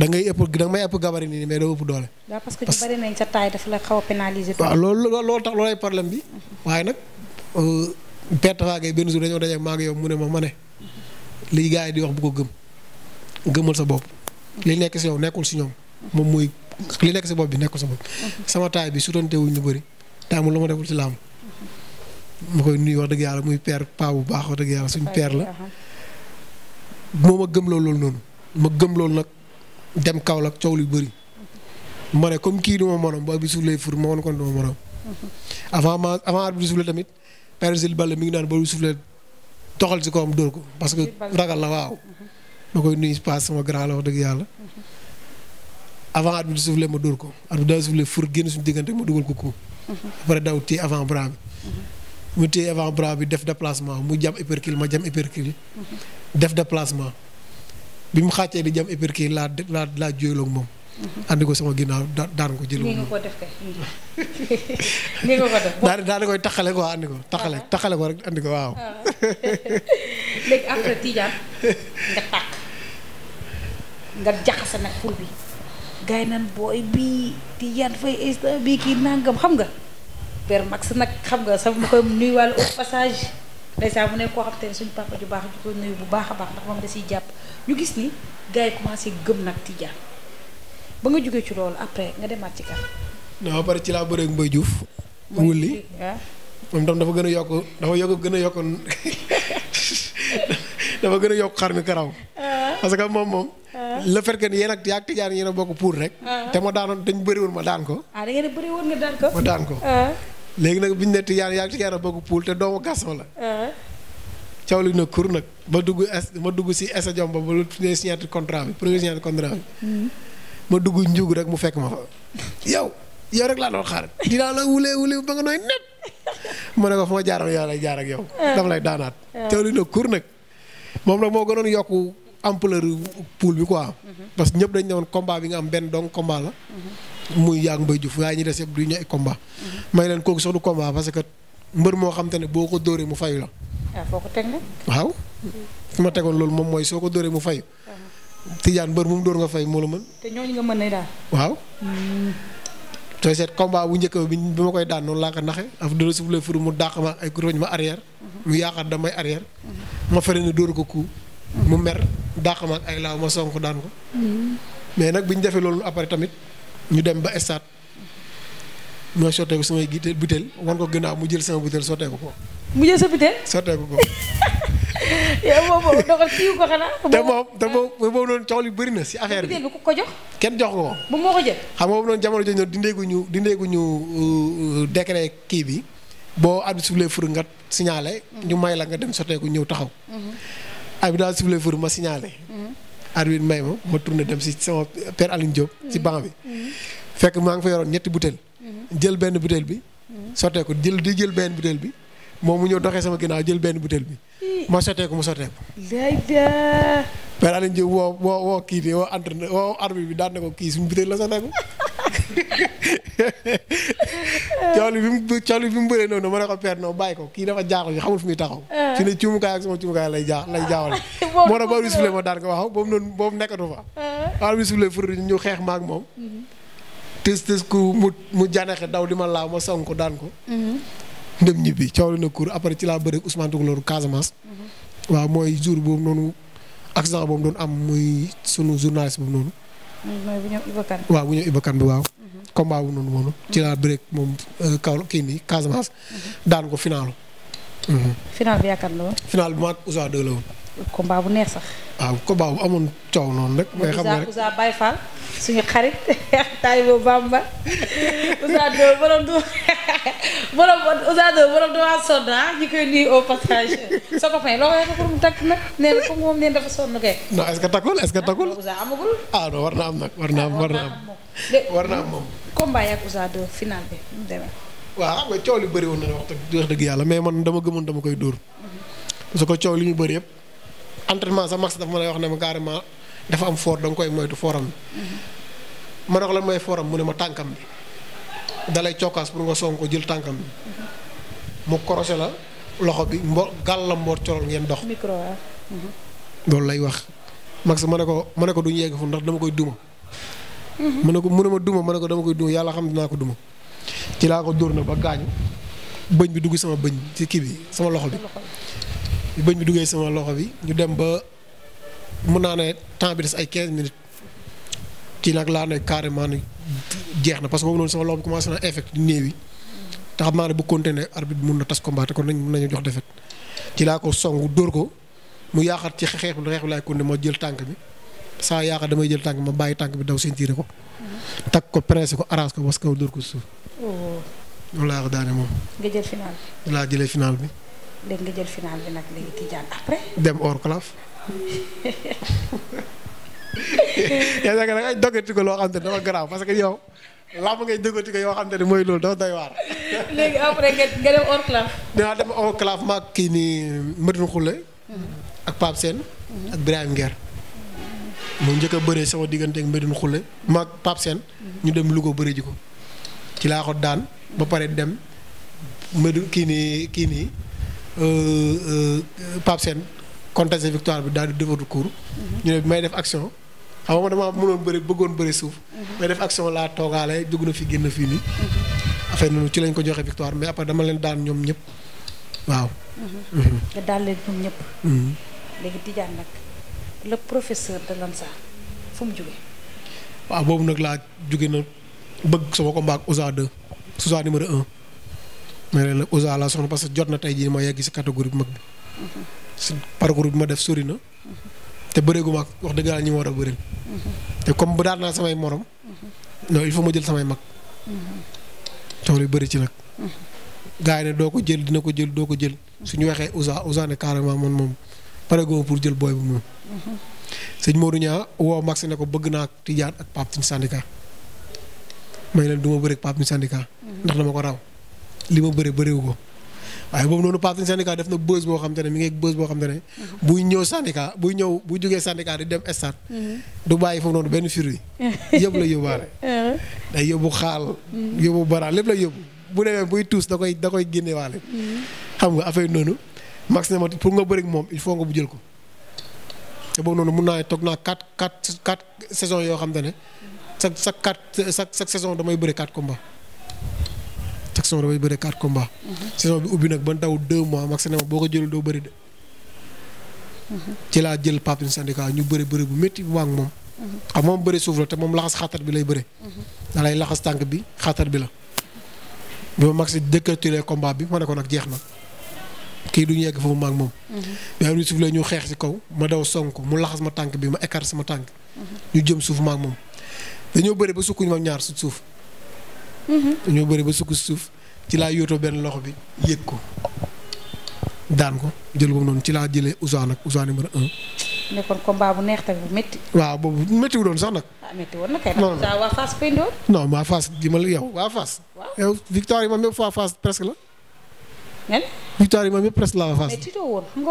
da ngay ëpp da nga may ëpp gabarit nii doo ëpp doole. waaw parce que ñu bari nañ sa loolu loolu tax loolay problème bi. waaye nag euh, perte waa ngay benn jour dañoo daje maa yow mu ne ma ma ne. lii gars yi di wax bu ko gëm gëmal sa bopp. li nekk si yow nekkul si ñoom. moom muy li nekk si bopp bi nekkul sa bopp. sama taille bi sutante wuñ ñu bari daa amul lu ma deful ci laamu. mu koy nuyu wax dëgg yàlla muy père pa bu baax wax dëgg yàlla suñu père la. moo ma gëm loolu noonu ma gëm loolu nag. dem Kaolack coow lu bëri ma ne comme kii du ma morom bu abi suuf lay fur ma woon kon du ma morom. avant ma avant arbitre tamit Père Gilles Balla mi ngi naan boobu soufflé toxal si kawam dóor ko parce que ragal la waaw. ma koy nuyu paas sama grand la wax dëgg yàlla. avant arbitre soufflé ma dóor ko arbitre daa soufflé fur génn suñu diggante ma dugal ko ko. après daw téye avant bras bi. mu téye avant bras bi def déplacement mu jam hypercule ma jam hypercule. def déplacement. bi mu xàccee di jam épercuit laa laa laa juyaloog moom. Mm-hmm. andi ko sama ginnaaw daan ko jël. nii nga ko def ko def. daan koy taxale ko andi ko taxale ah. ko rek andi ko waaw. Ah. léegi après Tidiane nga tàkk nga jaxase nag pour bi gay booy bii Tidiane Faye instant bii kii nangam xam nga. père Max nag xam nga sax ma koy nuyuwaale au passage ndeysaan mu ne koo xam te ne suñu ju baax ju ko nuyu bu baax a baax ndax moom da siy jàpp. ñu gis ni gars yi commencé gëm nag Tidiane ba nga jógee ci loolu après nga demaat ci kar non ba pare ci laa bëree ak Mbaye Diouf. wulli ah. moom tam dafa gën a yokk dafa yokk gën a yokk dafa gën a yokk xar mi karaw. Ah. parce que moom moom. Ah. le fait que yéen ak yaa ngi Tidiane bokk puur rek. te ma daanoon dañ bëri woon ma daan ko. ah da bëri woon nga daan ko. ma daan ko. léegi nag biñ ne Tidiane yaa ngi Tidiane a bokk puur te doomu Gaston la. caw li na kur nag ma dugg es ma dugg si esa jomba ba lu tuddee signature contrat bi premier mm-hmm. ma dugg njug rek mu fekk ma fa yow yow rek laa doon xaar dinaa la wulee wulee ba nga ma ne ko fu ma jaaram yaa jaar ak yow ah. dafa lay daanaat ah. caw kur nag moom nag moo gënoon yokku ampleur pool bi quoi mm-hmm. parce que ñëpp dañ ne woon bi nga am benn dong combat la mm-hmm. muy yaa mbay bay juf waaye ñi des yëpp du ñu ay combat may leen kook sax du combat parce que mbër moo xam te ne boo ko dóoree mu fayu la Ah, foo ko teg nag waaw fi ma tegoon loolu moom mooy soo ko dóoree mu fayu tijaan mbër mu mu dóor nga fay moo la mën. te ñooñu nga mën nay daal. waaw. Hmm. sooy seet combat bu njëkk bi bi ma koy daan noonu laa ko naxe af dóor suuf lay furu mu dàq ma ay roñ ma arrière. Mhm. mu yaakaar damay arrière. Mhm. ma fere ne dóor ko ku mhm. mu mer dàq ma ay laaw ma sonk daan ko. mais nag bi ñu defee loolu après tamit ñu dem ba stade. ma sottee ko samay gite butéel wan ko gannaaw mu jël sama butéel sottee ko ko. mu jël sa butéel. sottee ko te moom te moom noonu coow bëri na si affaire bi. butéel ko jox. kenn jox ko ko. bu moo ko jël. xam nga boobu noonu jamono jooju dindeeguñu dindeeguñu euh, euh, kii bi boo at bi suufulee fur nga signalé. ñu may la nga dem sotteeku ñëw taxaw. at bi daal suufulee fur ma signalé. Mm-hmm. at bi may ma ma tourné dem si sama père Aline Diop. si banc bi. Mm-hmm. fekk maa ngi fa yoroon ñetti butéel. jël benn butéel bi. Hmm. sottee jël di jël benn butéel bi moom mu ñëw doxee sama ginnaaw jël benn butéel bi ma sottee ko mu sottee ko. dayda. Père Alioune kii bi woo entraîneur woo bi daan ko kii suñu la sottee ko. coow li bi mu bi mu bëree noonu ma ne ko père noonu bàyyi ko kii dafa jaaxul xamul fi muy taxaw. Ah. fi ne cuumukaay ak sama cuumukaay lay jaax lay jaawale. moo tax boobu bi suufulee ma daan ko wax boobu noonu boobu nekkatu fa. waaw bi suufulee fur ñu xeex ma moom. Mm-hmm. tës tës ku mu mu daw di ma laaw ma song ko daan ko. Mm-hmm. dem ñibbi coow na cour après ci laa bëre ak Ousmane Toucouleur Casamance. Mm-hmm. waaw mooy jour boobu noonu accident boobu doon am muy sunu journaliste boobu noonu. Mm, mooy bu ñëw Ibakan. waaw bi waaw. Mm-hmm. combat bu noonu moom. ci laa bëre moom euh, kaw kii nii Casamance. daan ko final. final bi yaakaar naa. combat bu neex sax. waaw combat bu coow noonu rek. mais xam nga rek Ousa Baye Fall suñu xarit taalibu Bamba Ousa Dóor borom du borom ah, na comme moom nee dafa que takkul est-ce ah, ah, war na am nag war na li bëri woon na wax dëgg yàlla mais man dama gëmoon dama koy dóor. Mhm. parce que coow li ñu bari yëpp. entraînement sax max dafa ma lay wax ne ma carrément dafa am foor danga koy moytu fooram ma ne ko lan mooy fooram mu ne ma tànkam bi dalay cokkaas pour nga soog ko jël tànkam bi mu korose la loxo bi mbo gàll la mboor corool ngeen dox mhm. loolu lay wax max ma ne ko ma ne ko duñ yegg fu ndax dama koy duma mu mhm. ne ko mu ma duma ma ne ko dama koy duma yàlla xam dinaa ko duma ci laa ko dóor na ba gaañ bëñ bi dugg sama bëñ ci kii bi sama loxo bi bi bëñ bi duggee sama loxo bi ñu dem ba mun naa ne temps bi des ay 15 minutes ci nag laa ne carrément ni jeex na parce que boobu noonu sama loxo bi commencé na effet di néew yi te xam naa ne bu continuer arbitre mun na tas combat kon nañ mun nañu jox defet ci laa ko song dóor ko mu yaakaar ci xeex bi xeex bi laay continuer ma jël tànk bi saa yaakaar damay jël tànk bi ma bàyyi tànk bi daw sentiire ko. takk ko pressé ko arrange ko was kaw dóor ko suuf. Oh. loolu laa ko daane moom. nga jël final. jëlee final bi. léegi nga jël final bi léegi Tidiane après. dem or dafa garaaw parce que yow làmb ngay doggati ko yoo xam ne mooy nga dem or claf. dem or ma ak kii nii Madou Khoule. ak Pape Sène. ak Birahim Nguer. mu njëkk a bëree sama diggante ak Madou Khoule ma ak Pape Sène. ñu dem Louga bëri ko. ci laa ko daan ba pare dem Madou kii nii kii nii. Euh, euh, Pape Sène contesté victoire bi daal di defaru cours. Mhm. ñu ne bi may def action xam nga dama mënoon bëggoon bëri suuf. Mhm. may def action laa toogaale dugg na fi génn fii nii. Mhm. affaire noonu ci lañ ko joxe victoire mais après dama leen daan ñoom ñëpp waaw. nga daan leen ñoom ñëpp. léegi Tidiane nag le professeur de Lansar fu mu jógee. waaw boobu nag laa jóge na bëgg sama combat ak Ousa 2 Ousa ma ne nag Ouza laa soxna parce que jot na tey jii ma yegg si catégorie bu mag bi. si parcours bi ma def sori na. te bëreegu ma wax dëgg yàlla ñi ma war a bëri. te comme bu daan naa samay morom. non il faut ma jël samay mag. coono yu bëri ci nag. gars yi ne doo ko jël dina ko jël doo ko jël su ñu waxee Ouza Ouza ne carrément man moom pareegoo pour jël booy bu moom. sëñ Modou Niang woo Max ne ko bëgg naa Tidiane ak Pape Tine Sandika may leen du bëri ak Pape Tine Sandika ndax dama ko li ma bëri bëriwu ko waaye boobu noonu Pape Tine syndicat def na bës boo xam te ne mi ngi ak bës boo xam te ne. Mhm. buy ñëw syndicat buy ñëw buy jógee syndicat di dem stade. Mhm. du bàyyi foofu noonu benn fir yi. yëpp la yóbbaale. Mhm. day yóbbu xaal. yóbbu bara lépp la yóbbu bu demee buy tuus da koy da koy génnewaale. xam nga affaire noonu. max ne ma pour nga bëri moom il faut nga bu jël ko te boobu noonu mun naa toog naa quatre quatre quatre saisons yoo xam te ne sa sa quatre chaque chaque saison damay bëri quatre combats. chaque saison damay bëri quatre combats. Mhm. saison bi ubbi nag ban taw deux mois maximum boo ko jëlul doo bëri de. Mhm. ci laa jël Pape syndicat ñu bëri bëri bu métti bu ak moom. Mhm. xam moom bëri suuf la te moom laxas xatar bi lay bëri. da laxas tànk bi xatar bi la. bi ma maxi décréturé combat bi ma ne nag jeex na kii du ñu foofu ma moom. mais la ñu xeex ci kaw ma daw song mu laxas ma tànk bi ma écart sama tànk. ñu jëm suuf ma moom dañoo bëri ba sukkuñ ma ñaar si suuf. dañoo bëri ba sukk si suuf ci laa yootoo benn loxo bi yéeg ko daan ko jël ko noonu ci laa jëlee Ousseyn nag Ousseyn numéro un. nekkoon combat bu neex a bu métti. waaw boobu métti wu doon ah, ma la yow waa Fass. waaw victoire yi ma même fois Fass presque la. ngeen. victoire yi ma même presque la waa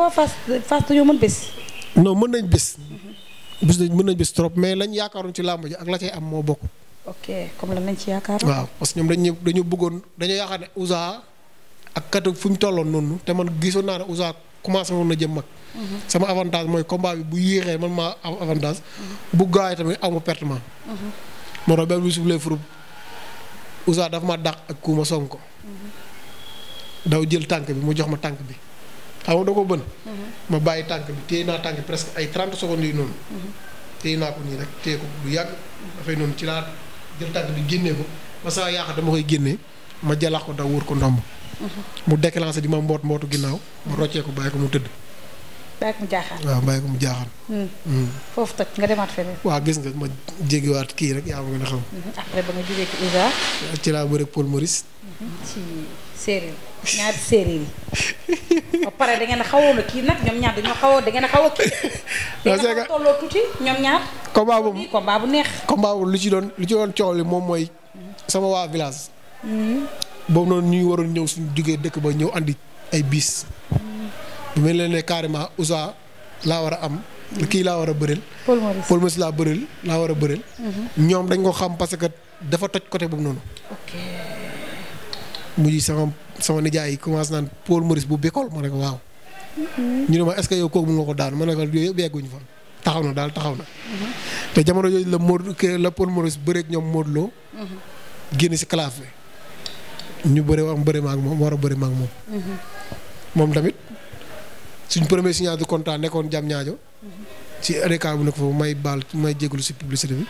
Fass. mais mën nañ bis bés nañ mhm. mën nañ bés trop mais lañ yaakaaroon ci làmb ji ak la cay am moo bokk. ok comme lan lañ ci yaakaar. waaw parce que ñoom dañu dañu bëggoon dañu yaakaar ne Ouza ak katu fu ñu tolloon noonu te man gisoon naa ne Ouza commencé woon na jëm mag. Mhm. sama avantage mooy combat bi bu yéexee man maa am avantage. Mhm. bu yi tamit aw ma pertement. Mhm. moo tax benn bu suuf lay furub Ouza dafa ma dàq ak kuuma song ko. daw jël tànk bi mu jox ma tànk bi xam nga ko bën. ma bàyyi tànk bi téye naa tànk bi ay 30 secondes yu noonu. téye naa ko nii dafay noonu ci laa. jël tànk bi génnee ko ba a yaaxa dama koy génnee ma jalax ko daw wër ko ndomb mhm. mu déclenché di ma mboot mbootu ginnaaw ma roccee ko bàyyi ko mu tëdd bàyyi ko mu jaaxaan. waaw bàyyi ko hmm. Hmm. nga demaat feneen. gis nga ma jéggiwaat kii rek yaa ma gën a xam. Hmm, après ba nga jógee ci USA. ci laa bëre Paul Maurice. ci séeréer ñaari yi. ba pare da a xawoon kii nag ñoom ñaar dañoo xawoo da a xawoo kii. non neex. combat lu ci doon lu ci doon coow li moom mooy. sama waa village. boobu noonu ñuy waroon ñëw suñu jógee dëkk ba ñëw andi ay biis. bi ma leen ne carrément Ousa laa war a am. kii laa war a bëril. Paul Maurice Paul Maurice laa bëril laa war a bëril. Mhm. ñoom dañ ko xam parce que dafa toj côté boobu noonu. ok mujj sama nijaay yi commencé naan Paul Maurice bu Bikol ma ne ko waaw. Mhm. ñu ne ma est-ce que yow kooku mun ko daan ma ne ko yooyu yëpp taxaw na daal taxaw na. te mhm. jamono yooyu la Modou la Paul Maurice bëreeg ñoom Modou si classe bi. ñu bëri wax bëri ma ak war a bëri ma ak moom tamit suñ premier signature de contrat nekkoon jam ñaajo ci RDK bu nekk foofu may baal may jégalu si publicité bi.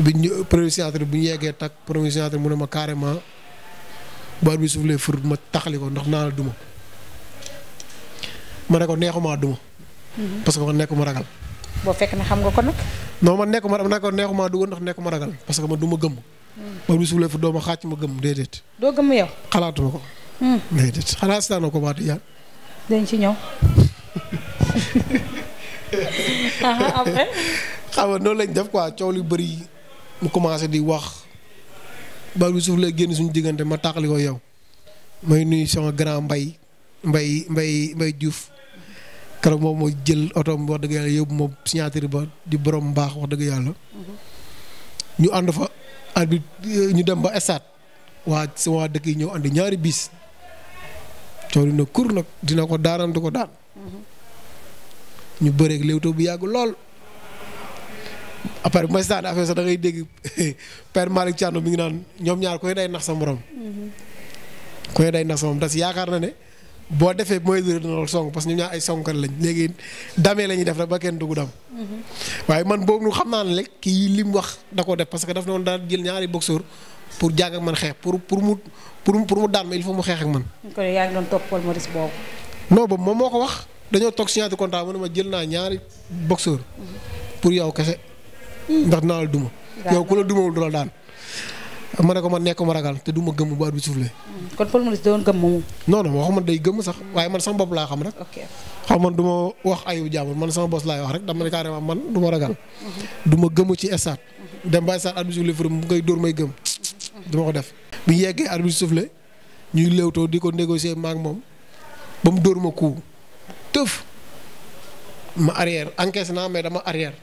biñ ñu premier signature bu ñu yeggee takk premier signature mu ne ma carrément boor bi suuf lee fur ma taxali ko ndax naa la duma. ma ne ko neexumaa duma. parce que man nekkuma ragal. boo fekk na xam nga ko nag. non man nekkuma ma ne ko neexumaa duma ndax ma ragal parce que man du ma gëmm. boor bi suuf lee fur doo ma ma gëmm déedéet. doo gëmm yow. xalaatuma ko. Hmm. déedéet xanaa sitaanoo ko baatu yaan dañ ñëw xam nga noonu lañ def quoi coow li bëri mu commencé di wax bal bi suuf lay génn suñu diggante ma tàqali yaw yow may nuyu sama grand mbay mbay mbay mbay Diouf keroog moom mooy jël otoom wax dëgg yàlla yóbbu moom signature ba di borom mbaax wax dëgg yàlla mhm. ñu ànd fa arbitre ñu dem ba stade waa si waa dëkk yi ñëw andi ñaari bis coow dina kur nag dina ko daanantu ko daan ñu bëreeg léewtoo bu yàgg lool après bu may sànni affaire sax da dégg Père Malick Thiano mi ngi naan ñoom ñaar koy day nax sa morom koy day nax sa morom tas yaakaar na ne boo defee mooy dina lool song parce que ñoom ñaar ay songkat lañ léegi damee la ñuy def rek ba kenn dugg dam waaye man boobu xam naa ne rek kii li mu wax da ko def parce que daf ne woon daal jël ñaari boxeur pour jàng ak man xeex pour pour mu pour pour mu daan ma il faut mu xeex ak man. kon yaa ngi doon topp Paul Maurice boobu. moom moo ko wax dañoo toog signature contrat mu ne ma jël naa ñaari boxeur pour yow kese. ndax naa la duma. yow ku la dumawul du la daan. ma ne ko nekk nekkuma ragal te du ma gëmm bu at bi suufle. Mm. kon Paul wax doon day gëmm sax waaye man sama bopp laa xam rek. xam man du ma wax ayu jàmm man sama bopp laay wax rek dama ne carrément man du ma ragal. Mm-hmm. du ma gëmm ci stade. dem ba stade at bi mu ngay dóor may gëmm. dama ko def bu ñu yeggee arbitre soufflé ñuy léewtoo di ko négocier maak moom ba mu dóor ma coup tëf ma arrière encaissé naa mais dama arrière.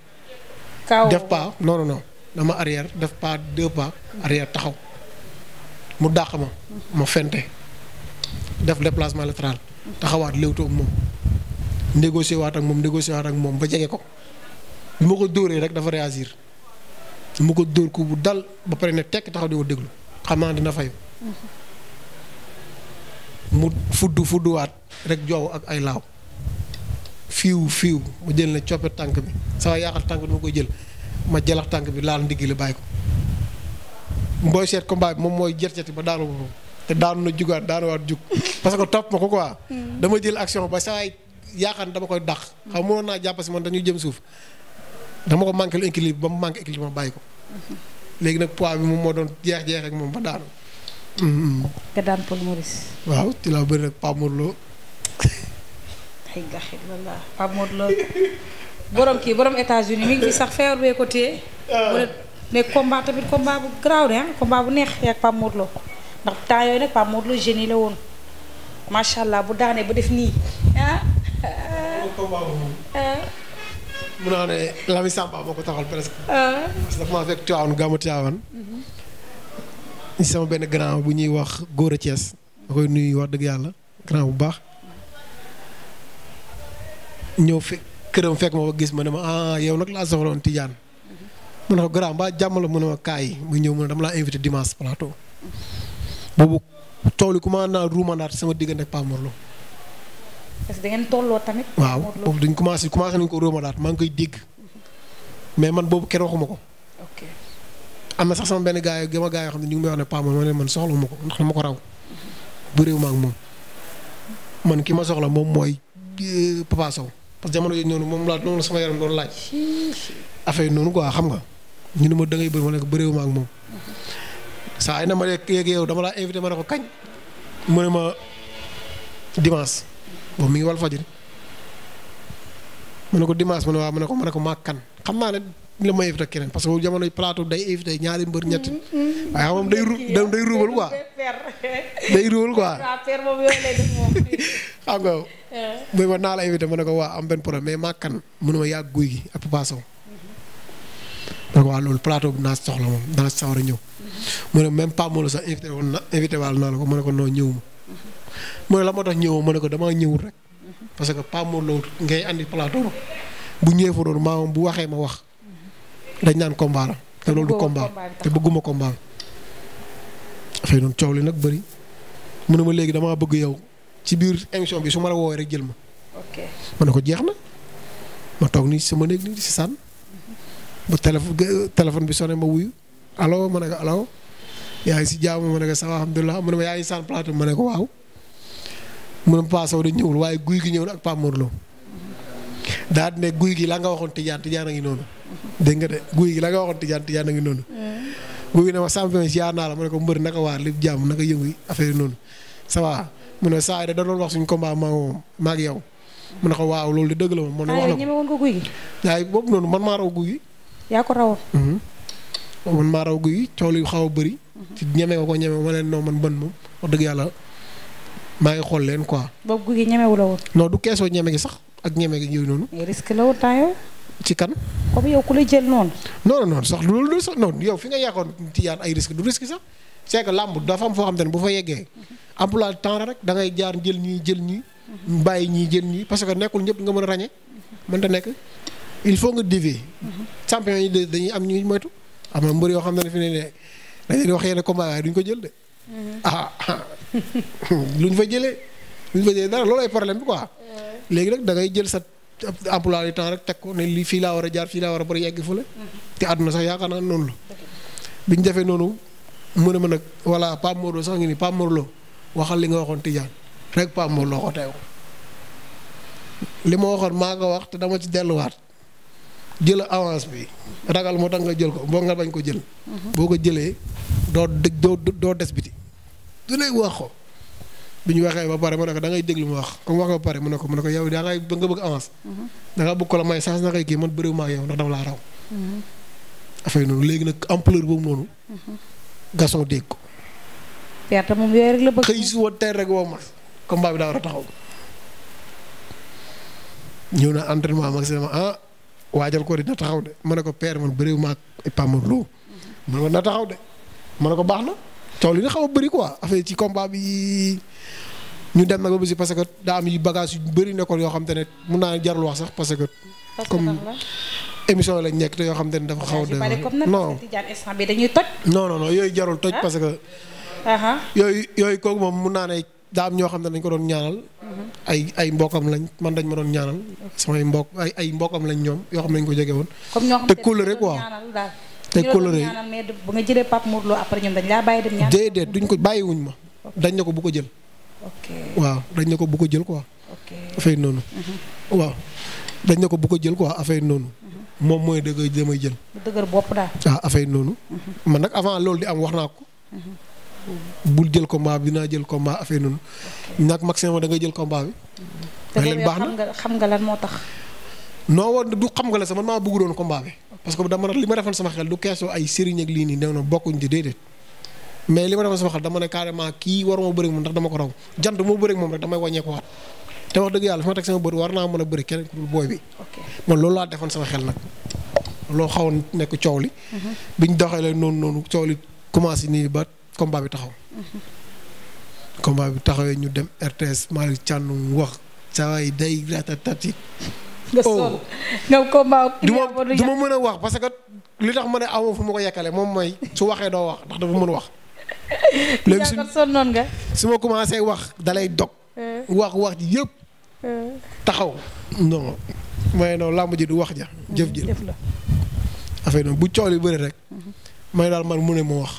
def pas non non dama arrière def pas deux pas arrière taxaw mu dàq ma ma fente def déplacement latéral taxawaat léewtoo ak moom négocier waat ak moom négocier waat ak moom ba jege ko bi ma ko dóoree rek dafa réagir. mu ko dóor ko bu dal ba pare ne tekk taxaw di ko déglu xam naa dina fayu mu fudd fudduwaat rek joow ak ay laaw fiiw fiiw mu jël ne coppe tànk bi saa yaaxal tànk bi ma koy jël ma jalax tànk bi laal ndigg li bàyyi moom mooy jerteti ba daanu boppam te daanu na jugaat daanu waat jug parce que topp ma ko quoi. Hmm. dama jël action ba saa yaakaar ne dama koy dàq. xam mënoon naa jàpp si man dañuy jëm suuf dama ko manqué lu équilibre ba mu manqué ma bàyyi ko. léegi nag poids bi moom moo doon jeex jeex ak moom ba daanu. Mm-hmm. nga daan Paul Maurice. waaw ci laa bëri nag Pape borom kii borom États-Unis mi ngi sax feebar bee ko téye. wala ah. combat tamit combat bu garaaw de ah combat bu neex yaa Pape ndax temps yooyu nag Pape Mor la woon macha allah bu daanee ba def nii ah. mun naa ne Lami Samba moo ko taxal presque. Ah. parce que dafa mhm. sama benn grand bu ñuy wax Gora Thiès da koy nuyu wax dëgg yàlla grand bu baax. ñëw fekk këram fekk ma ba gis ma ne ma ah yow nag laa soxla woon Tidiane. Mhm. mu ne ko grand ba jàmm la mu ne ma kaay mu ñëw mu ne dama laa invité dimanche plateau. Mhm. boobu tool yi commencé naa ruumandaat sama diggante ak Pape parce que tamit. waaw boobu dañ commencé commencé nañ ko roomadaat maa ngi koy dégg mais man boobu kenn waxuma ko. ok am na sax sama benn gars yi ma gars yoo xam ne ñu ngi may wax ma man soxla ma ko ndax ma ko raw bëriw ma moom man ki ma soxla moom mooy euh, Papa Sow parce que jamono yooyu noonu moom laa noonu la sama yaram doon laaj. affaire yi noonu quoi xam nga ñu ma dangay bëri ma ak moom. saa yi na ma dama laa invité ma ko kañ mu ne ma dimanche. boobu mi ngi wal fajiri mu ne ko dimanche mu ne mu ne ko mu ne ko kan xam naa ne la ma invité keneen parce que boobu jamono plateau day invité ñaari mbër ñetti mm-hmm. waaye xam moom day ru day xam nga muy ma naa la invité mu am benn problème mais maag kan mu yàgg guy gi ak Papa Sow donc mm-hmm. waaw loolu plateau bi naa soxla moom naa sawar a ñëw mm-hmm. mu ne même pas moo la sax invité woon na invité waal naa la ko mu ne ko noo ñëw mu la moo tax ñëwoo ma ne ko damaa ñëwul rek parce que Pape Mor Lo ngay àndi plateau bu ñëwee fa doon maamam bu waxee ma wax dañ naan combat te loolu du te bëgguma combat dafay coow li nag bëri mu ne ma léegi damaa bëgg yow ci biir émission bi su ma la woowee rek jël ma. ok ma ne ko jeex na ma toog nii sama néeg nii si sànn ba téléphone téléphone bi sone ma wuyu allo ma ne ko allo yaa ngi si jaamu ma ne ko ça va alhamdulilah mu ne ma yaa ngi sànn ma ne ko waaw. mu ne Papa de ñëwul waaye guy gi ñëw na ak Pape Mor Lo daal ne guy gi la nga waxoon tijaan tijaan a ngi noonu dégg nga de guy gi la nga waxoon tijaan tijaan a ngi noonu. Mm. guy gi ne ma champion ziar naa la ma ne ko mbër naka waar lépp jàmm naka yëngu affaire noonu ça va mu ne saa yi da doon wax suñu combat maa moom maa ngi yow mu ne ko waaw loolu de dëgg la moom. man wax la ko ah, ñeme woon ko guy man maa raw guy gi. yaa ko rawoon. Mm-hmm. man xaw a bëri. Mm-hmm. ci ñeme ko ñeme ma man ban moom wax dëgg yàlla maa ngi xool leen quoi. boobu guy ñeme wu la du keesoo ñeme gi sax ak ñeme gi yooyu noonu. mais risque la woon temps ci kan. comme yow ku la jël noonu. non non sax loolu sax noonu yow fi nga yàqoon Tijaan ay risque du risque sax c'est que dafa am foo xam te ne bu fa yeggee emploi temps rek da ngay jaar jël ñii jël ñii. bàyyi ñii jël ñii parce que nekkul ñëpp nga mën a ràññee. mënta nekk il faut nga diviser. champion yi dañuy am ñuy moytu am na mbër yoo xam ne fi ne ne dañuy wax yenn combat waaye duñ ko jël de. Mhm. ah, ah. lu ñu fa jëlee luñ fa jëlee dara loolu ay problème bi quoi. léegi nag dangay jël sa emploi du temps rek teg ko ne lii fii laa war a jaar fii laa war a bëri yegg fële. Mm-hmm. te àdduna sax yaakaar naa noonu la. ñu defee noonu mu ne ma nag voilà Pape Morlo sax ngi ni Pape Morlo waxal li nga waxoon Tidiane rek Pape loo ko teew li ma waxoon maa nga wax te dama ci delluwaat jël avance bi ragal moo tax nga jël ko boo nga bañ ko jël. Mm-hmm. boo ko jëlee doo doo du ne wax ko bi ñu waxee ba pare mu ne ko mu wax comme wax ba mu ne ko mu ne ko yow da ngay ba nga mhm. ko la may chance na kii man bëriwuma ak yow ndax dama mhm. léegi nag ampleur boobu noonu. Mhm. Gaston dégg ko. perte moom la bëgg. xëy rek woo ma combat bi daa a taxaw. na entraînement mag ma ah, waajal ko dina taxaw de ma ne ko père man bëriwuma ak Pape Mor Lo ma ne ko na taxaw de ma ne ko baax na. coow li nga xaw a bëri quoi affaire ci combat bi ñu dem nag ba bési parce que daa am yu bagage yu bëri nekkoon yoo xam te ne mun naa jarul wax sax parce que. comme émission lañ nekk te yoo xam te ne dafa xaw a. non non non yooyu jarul toj ah. parce que. Ah, ah. yooyu yooyu kooku moom mun naa ne daa am ñoo xam ne dañ ko doon ñaanal. Mm-hmm. ay ay mbokam lañ man dañ ma doon ñaanal. samay mbokk ay ay mbokam lañ ñoom yoo xam ne dañ ko jege woon. te cool rek waaw tey coloré bu nga jëlee Pape Modou Lo après ñoom dañ laa bàyyi dem ñaan déedéet duñ ko bàyyiwuñ ma dañ ne ko bu ko jël mhm. waaw dañ ne ko bu ko jël quoi affaire noonu waaw ne ko bu ko jël quoi affaire noonu moom mooy dëgg damay jël dëgër bopp daal ah, noonu mhm. man nag avant loolu di am wax naa ko mhm. bul jël combat bi dinaa jël combat affaire noonu nag maximum da ngay jël combat bi wax baax na xam nga lan moo tax non woon du xam nga la sama man maa bëggu doon combat bi parce que dama li ma defoon sama xel du keesoo ay sëriñ ak lii nii nee na bokkuñ di déedéet mais li ma defoon sama xel dama ne carrément kii waruma bëri moom ndax dama ko raw jant moo bëri moom rek damay wàññeeku waat te wax dëgg yàlla fi ma teg sama bëri war naa mën a bëri laa defoon sama xel nag loo xaw nekk coow li. bi mhm. biñ doxalee noonu noonu coow li commencé nii ba combat bi taxaw. Mhm. combat bi taxawee ñu dem RTS Malick Thiandoum wax saa waay day ratatat nga oh. sonn nga combat. du ma du ma mën a wax parce que li tax ma ne aw fu ma ko yekkale moom mooy su waxee doo wax ndax dafa mën wax. léegi su sonnoon nga. su ma commencé wax dalay dog. Eh. wax wax ji yépp eh. taxaw non may noonu làmb ji du wax ja eh, jëf ji la affaire noonu bu coow li bëri rek mhm. may daal man mu ne ma wax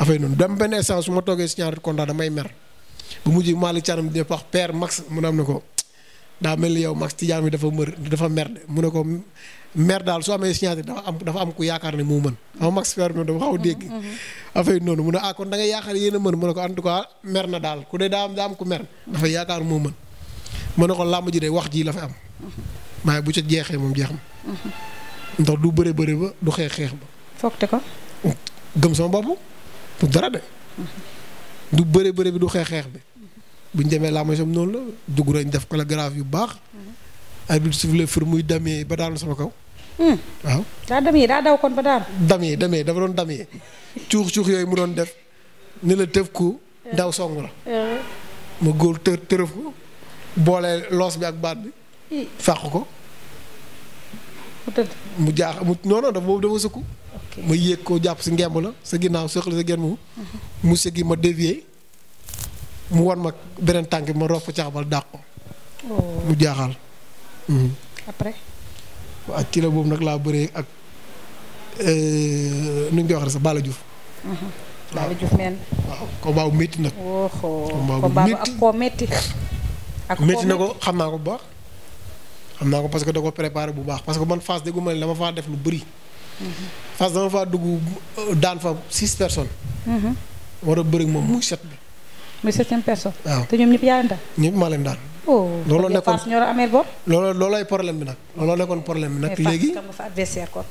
affaire noonu dem beneen essence su ma toogee si ñaari contrat damay mer bu mujj Malick Thiandoum di wax per max mu am na ko daa mel ni yow Max Tidiane bi dafa mër dafa mer mu ne ko mer daal su amee signature dafa am dafa am ku yaakaar ne moo mën xam Max fer mi dafa xaw dégg. Mm-hmm. noonu mu ne ah, kon da nga a mën mu ne ko en tout cas mer na daal ku ne daa am daa am ku mer dafa yaakaar moo mën mu ne ko làmb ji de wax ji la fa am. Mm-hmm. waaye bu ca jeexee moom jeex ma mm-hmm. ndax du bëre bëre ba xeex ba. foogte ko. gëm sama bopp dara du bëre bëre bi du xeex xeex bi. bu ñu demee làmb sam noonu la dugg nañ def ko la chorégraphe yu baax. Mm-hmm. ay bi soufflé fur muy damee ba daanu sama kaw. Mm. waaw. daa damee daa daw kon ba daanu. damee doon damee cuux cuux yooyu mu doon def ni la tëf ko ndaw song la. ma góor tërëf ko boole loos bi ak baat bi. fàq ko. mu jaax mu non non dafa boobu dafa sëkku. ma yéeg ko jàpp si ngemb la sa ginnaaw sëq la sa genn mu. Mm-hmm. mu sëggi ma dévier mu won ma beneen tànk bi ma rof ko caxabal dàq ko. Oh. mu jaaxal. Mhm. après. ci la boobu nag laa bëree ak euh, nu ñu koy waxee sax Bala Diouf. Mhm. Bala Diouf meen. waaw combat bu métti nag. combat bu ak koo na ko xam naa ko bu baax. xam naa ko parce da ko préparé bu baax parce que man Fass déggu ma ne dama faa def lu bëri. Mhm. fas dama faa dugg euh, daan fa six personnes. war a bëri moom muy set bi. muy septième personne. waaw te ñoom ñëpp yaa leen daan. Oh. looloo nekkoon amee bor. looloo problème bi nag. looloo nekkoon problème bi nag léegi mais fa adversaire kon.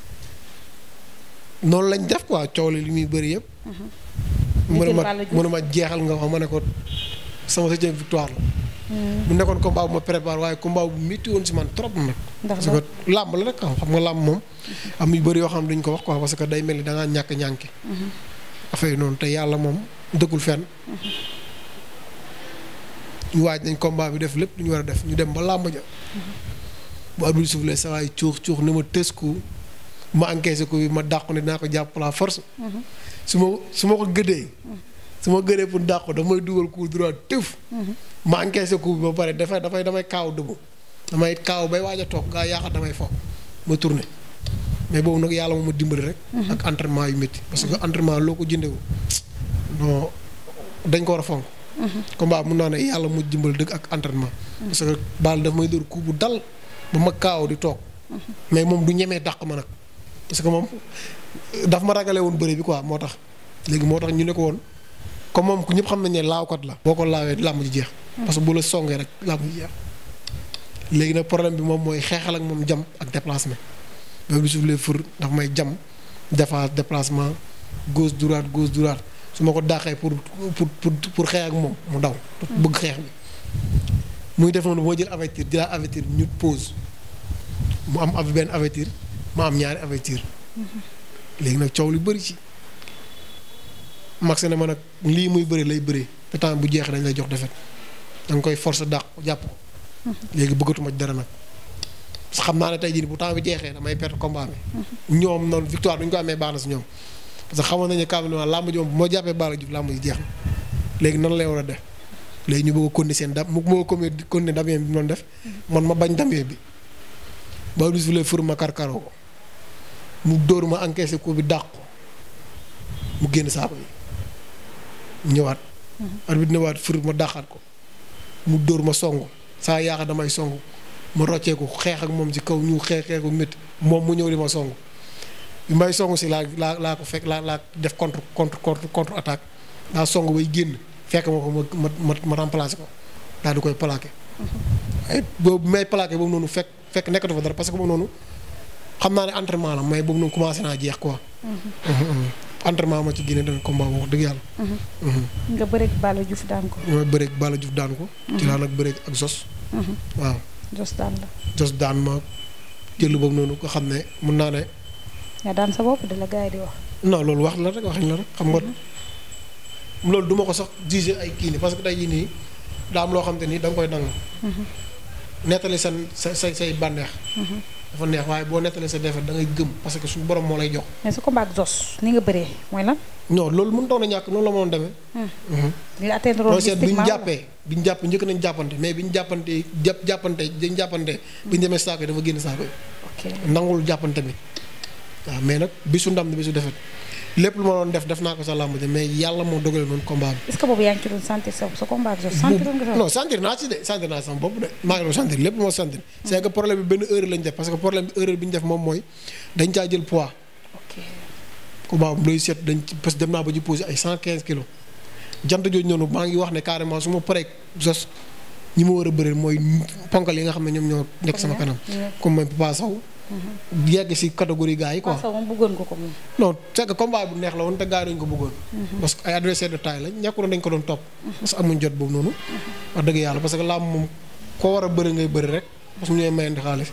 noonu lañ def quoi coow li muy bëri yëpp. mënuma mhm. jeexal nga wax ma ne ko sama septième victoire la. Mhm. mu nekkoon combat bu ma prépare waaye combat bu métti woon si man trop nag. ndax parce làmb la rek xam nga làmb moom. Mhm. am yu bëri yoo xam ne duñ ko wax quoi parce que day mel ni da ngaa ñàkk ñànke affaire yi noonu te yàlla moom dëggul fenn. ñu waaj nañ combat bi def lépp lu ñu war a def ñu dem ba làmb ja bu abdul suuf lee sawaay cuux cuux ne ma tës ko ma encaissé ko bi ma dàqu ne dinaa ko jàpp la mhm. su ma su ma ko gëddee su ma gëddee pour dàqu damay dugal coup droit tëf mhm. ma encaissé ko bi ba pare dafay dafay damay kaaw dëbb damay kaaw bay waaj a toog gaa yaaxat damay foog ma tourné mais boobu nag yàlla moom ma dimbali rek mhm. ak entraînement yu métti parce que entraînement loo ko jëndewu non dañ ko war a fonk combat mun naa ne yàlla mu dimbal dëgg ak entraînement. parce que baal daf may dóor coup bu dal ba ma kaaw di toog. mais moom du ñemee dàq ma nag parce que moom dafa ma ragale woon bëri bi quoi moo tax léegi moo tax ñu ne ko woon comme moom ku ñëpp xam nañ ne la. boo ko laawee làmb ji jeex. parce que bu songee rek làmb ji léegi nag problème bi moom mooy xeexal ak moom jam ak déplacement ba bi suuf lee fur may jam dafa déplacement gauche droite gauche droite. su ma ko dàqee pour pour pour pour xeex ak moom mu daw. bëgg xeex bi muy def noonu boo jël avertir jëlaat avertir ñu pose mu am ab benn avertir ma am ñaari avertir léegi nag coow lu bëri ci. max na ma nag lii muy bëri lay bëri te temps bu jeexee dañ lay jox defet da nga koy force dàq jàpp ko. léegi bëggatuma ci dara nag. parce xam naa ne tey jii bu temps bi jeexee damay perte combat bi. ñoom noonu victoire duñ ko amee baax na si ñoom. parce que xamoon nañu carrément làmb ji moom moo ma jàppee Bara Diouf làmb ji jeex na léegi nan lay war a def léegi ñu bëgg a continuer seen dam mu bëgg a continuer damyee bi mu doon ma bañ damyee bi ba bis ma karkaroo mu dóor ma encaissé ko bi dàq ko mu génn saako yi ñëwaat mm-hmm. arbitre ñëwaat ma dàqaat ko mu dóor ma song saa yaakaar damay song ma roccee ko xeex ak moom ci kaw ñu xeex xeex bu métti moom mu ñëw di ma song bi may song si laa laa laa ko fekk laa laa def contre contre contre contre attaque daa song bay génn fekk ma ko ma ma ma ma remplacer ko daa di koy plaqué. ay mhm. boobu may plaqué boobu noonu fekk fekk nekkatu fa dara parce que boobu noonu xam naa ne entraînement la mais boobu noonu commencé jeex quoi. Mhm. Mhm, entraînement ma ci génne danga ko. ma bëreeg Balla Diouf daan ko. ci laa nag bëreeg ak Jos. waaw Jos daan la. Jos daan ma jël boobu noonu nga xam ne mën naa ne. nga sa bopp di la gars loolu wax la rek waxañ la rek xam nga mhm. loolu duma ko sax juger ay kii nii parce que tey jii nii daa am loo xam te ni da nga koy nangu. Mhm. nettali sa sa say bànneex. Mhm. dafa neex waaye boo nettalee sa defet dangay ngay gëm parce que suñu borom moo lay jox. mais su combat ak Zoss ni nga bëree mooy lan. non loolu mënut a ñàkk noonu la mënoon demee. Hmm. li atteindre loolu seet bi ñu jàppee bi ñu jàpp njëkk nañu jàppante mais bi ñu jàppante jàpp jàppante dañu jàppante. bi ñu demee saako yi dafa génn saako yi. ok jàppante bi. waaw ah, mais nag bisu ndam bisu defet lépp lu ma doon def def naa ko sa làmb ja mais yàlla moo dogale noonu combat bi. est-ce que boobu yaa ngi ci doon sentir sa sa combat ak sa. sentir nga sa non sentir naa ci de sentir naa sama bopp de maa ngi doon sentir lépp moo sentir. c'est que problème bi benn erreur lañ def parce que problème bi erreur bi ñu def moom mooy dañ caa jël poids. ok combat bu looy seet dañ ci parce que dem naa ba ci posé ay cent quinze kilos. jant jooju noonu maa ngi wax ne carrément su ma paree jos ñi ma war a bëri mooy ponkal yi nga xam ne ñoom ñoo nekk sama kanam. comme mooy Papa Sow yegg si catégorie gars yi ko parce que bëggoon ko ko moom. non c'est que bu neex la woon te gars yi dañ ko bëggoon. parce que ay adversaire de taille lañ ñàkkul dañ ko doon topp. parce que amuñ jot boobu noonu. wax dëgg yàlla parce que làmb moom koo war a bëri ngay bëri rek parce que ñooy mayandi xaalis.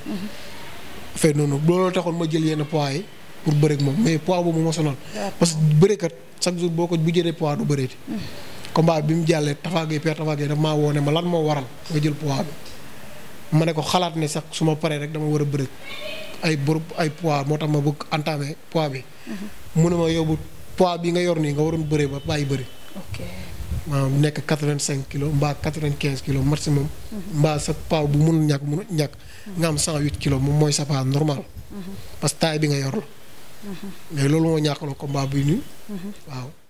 fay noonu looloo taxoon ma jël yenn poids yi pour bëri ak moom mais poids boobu ma sonal. parce que bërekat chaque jour boo ko bu jëlee poids du bëreeti. Mm-hmm. combat bi mu jàllee Tafa Gueye père Tafa Gueye daf ne ma lan moo waral nga jël poids ma ne ko xalaat ne sax su ma paree rek dama war a bëri ay bor ay poids moo tax ma bëgg entamé poids bi. Mhm. mu ne ma yóbbu poids bi nga yor nii nga waroon bëree ba bàyyi bëri. ok maanaam nekk cinq kilos mbaa 95 kilos maximum. Mhm. mbaa sa poids bu mun ñàkk mun ñàkk. Mhm. nga am cent huit kilos moom mooy sa poids normal. parce que bi nga yor la. mais loolu moo ñàkkaloo combat bi nii. waaw.